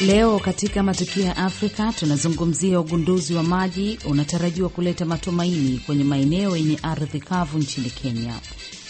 Leo katika matukio ya Afrika tunazungumzia ugunduzi wa maji unatarajiwa kuleta matumaini kwenye maeneo yenye ardhi kavu nchini Kenya.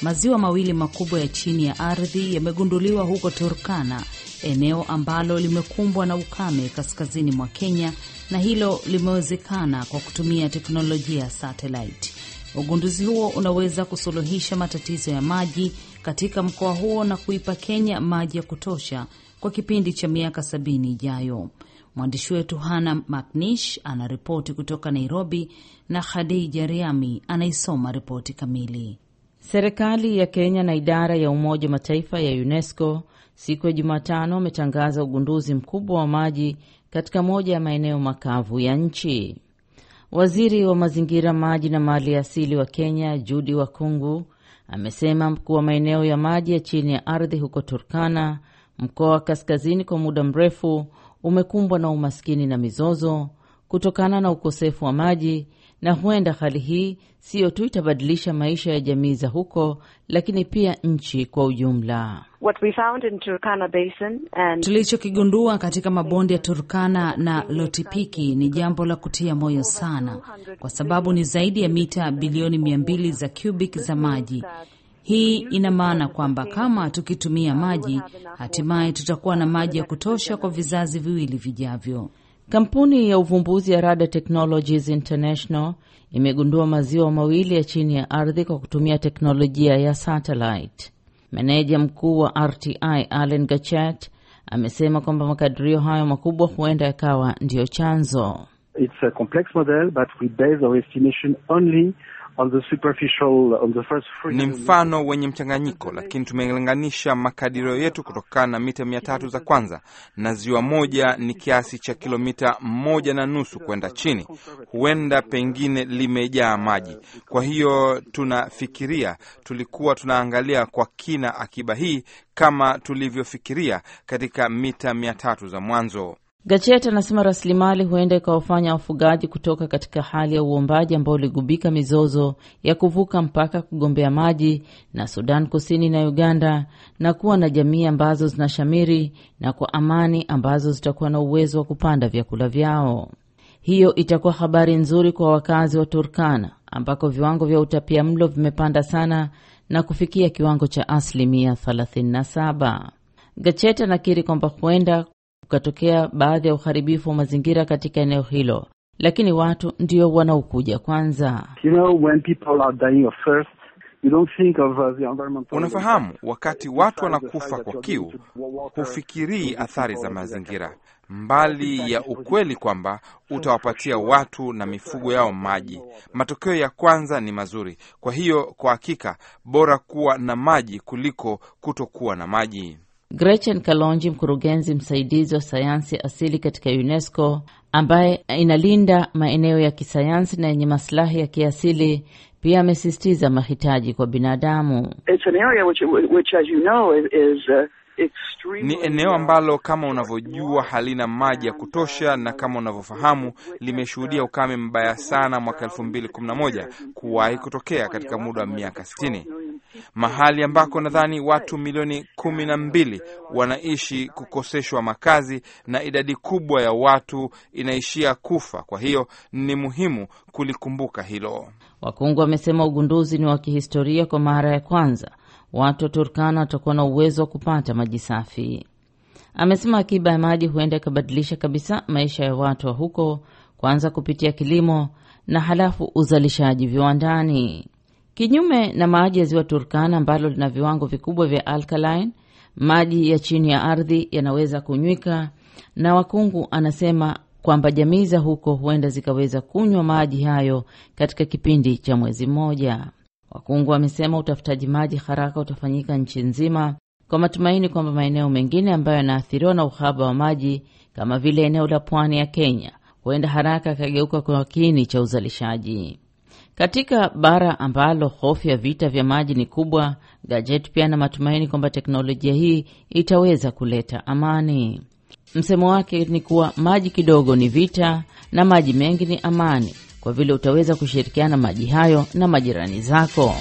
Maziwa mawili makubwa ya chini ya ardhi yamegunduliwa huko Turkana, eneo ambalo limekumbwa na ukame kaskazini mwa Kenya, na hilo limewezekana kwa kutumia teknolojia ya satelaiti. Ugunduzi huo unaweza kusuluhisha matatizo ya maji katika mkoa huo na kuipa Kenya maji ya kutosha kwa kipindi cha miaka sabini ijayo. Mwandishi wetu Hana macnish anaripoti kutoka Nairobi na Khadija Riami anaisoma ripoti kamili. Serikali ya Kenya na idara ya Umoja wa Mataifa ya UNESCO siku ya Jumatano wametangaza ugunduzi mkubwa wa maji katika moja ya maeneo makavu ya nchi. Waziri wa mazingira, maji na mali ya asili wa Kenya Judy Wakungu amesema kuwa maeneo ya maji ya chini ya ardhi huko Turkana Mkoa wa kaskazini kwa muda mrefu umekumbwa na umaskini na mizozo kutokana na ukosefu wa maji, na huenda hali hii siyo tu itabadilisha maisha ya jamii za huko, lakini pia nchi kwa ujumla. tulichokigundua katika mabonde ya Turkana na Lotipiki ni jambo la kutia moyo sana, kwa sababu ni zaidi ya mita bilioni mia mbili za cubic za maji hii ina maana kwamba kama tukitumia maji, hatimaye tutakuwa na maji ya kutosha kwa vizazi viwili vijavyo. Kampuni ya uvumbuzi ya Rada Technologies International imegundua maziwa mawili ya chini ya ardhi kwa kutumia teknolojia ya satellite. Meneja mkuu wa RTI alen Gachet amesema kwamba makadirio hayo makubwa huenda yakawa ndiyo chanzo. It's a complex model, but we base our estimation only On the superficial, on the first ni mfano wenye mchanganyiko, lakini tumelinganisha makadirio yetu kutokana na mita mia tatu za kwanza, na ziwa moja ni kiasi cha kilomita moja na nusu kwenda chini, huenda pengine limejaa maji. Kwa hiyo tunafikiria, tulikuwa tunaangalia kwa kina akiba hii kama tulivyofikiria katika mita mia tatu za mwanzo. Gacheta anasema rasilimali huenda ikawafanya wafugaji kutoka katika hali ya uombaji ambao uligubika mizozo ya kuvuka mpaka kugombea maji na Sudan Kusini na Uganda na kuwa na jamii ambazo zinashamiri na kwa amani ambazo zitakuwa na uwezo wa kupanda vyakula vyao. Hiyo itakuwa habari nzuri kwa wakazi wa Turkana ambako viwango vya utapia mlo vimepanda sana na kufikia kiwango cha asilimia 37. Gacheta nakiri kwamba huenda kukatokea baadhi ya uharibifu wa mazingira katika eneo hilo, lakini watu ndio wanaokuja kwanza. You know, when people are dying of thirst, you don't think of uh, the Unafahamu, wakati watu wanakufa kwa kiu hufikirii athari za mazingira, mbali ya ukweli kwamba utawapatia watu na mifugo yao maji. Matokeo ya kwanza ni mazuri. Kwa hiyo, kwa hakika, bora kuwa na maji kuliko kutokuwa na maji. Gretchen Kalonji, mkurugenzi msaidizi wa sayansi asili katika UNESCO ambaye inalinda maeneo ya kisayansi na yenye masilahi ya kiasili, pia amesisitiza mahitaji kwa binadamu. Uh, Ni eneo ambalo kama unavyojua halina maji ya kutosha, na kama unavyofahamu limeshuhudia ukame mbaya sana mwaka 211 kuwahi kutokea katika muda wa miaka mahali ambako nadhani watu milioni kumi na mbili wanaishi kukoseshwa makazi na idadi kubwa ya watu inaishia kufa. Kwa hiyo ni muhimu kulikumbuka hilo. Wakungu wamesema ugunduzi ni wa kihistoria. Kwa mara ya kwanza watu wa Turkana watakuwa na uwezo wa kupata maji safi. Amesema akiba ya maji huenda ikabadilisha kabisa maisha ya watu wa huko, kwanza kupitia kilimo na halafu uzalishaji viwandani. Kinyume na maji ya ziwa Turkana ambalo lina viwango vikubwa vya alkaline, maji ya chini ya ardhi yanaweza kunywika, na Wakungu anasema kwamba jamii za huko huenda zikaweza kunywa maji hayo katika kipindi cha mwezi mmoja. Wakungu wamesema utafutaji maji haraka utafanyika nchi nzima kwa matumaini kwamba maeneo mengine ambayo yanaathiriwa na uhaba wa maji kama vile eneo la pwani ya Kenya huenda haraka yakageuka kwa kiini cha uzalishaji. Katika bara ambalo hofu ya vita vya maji ni kubwa, Gajet pia na matumaini kwamba teknolojia hii itaweza kuleta amani. Msemo wake ni kuwa maji kidogo ni vita na maji mengi ni amani, kwa vile utaweza kushirikiana maji hayo na majirani zako.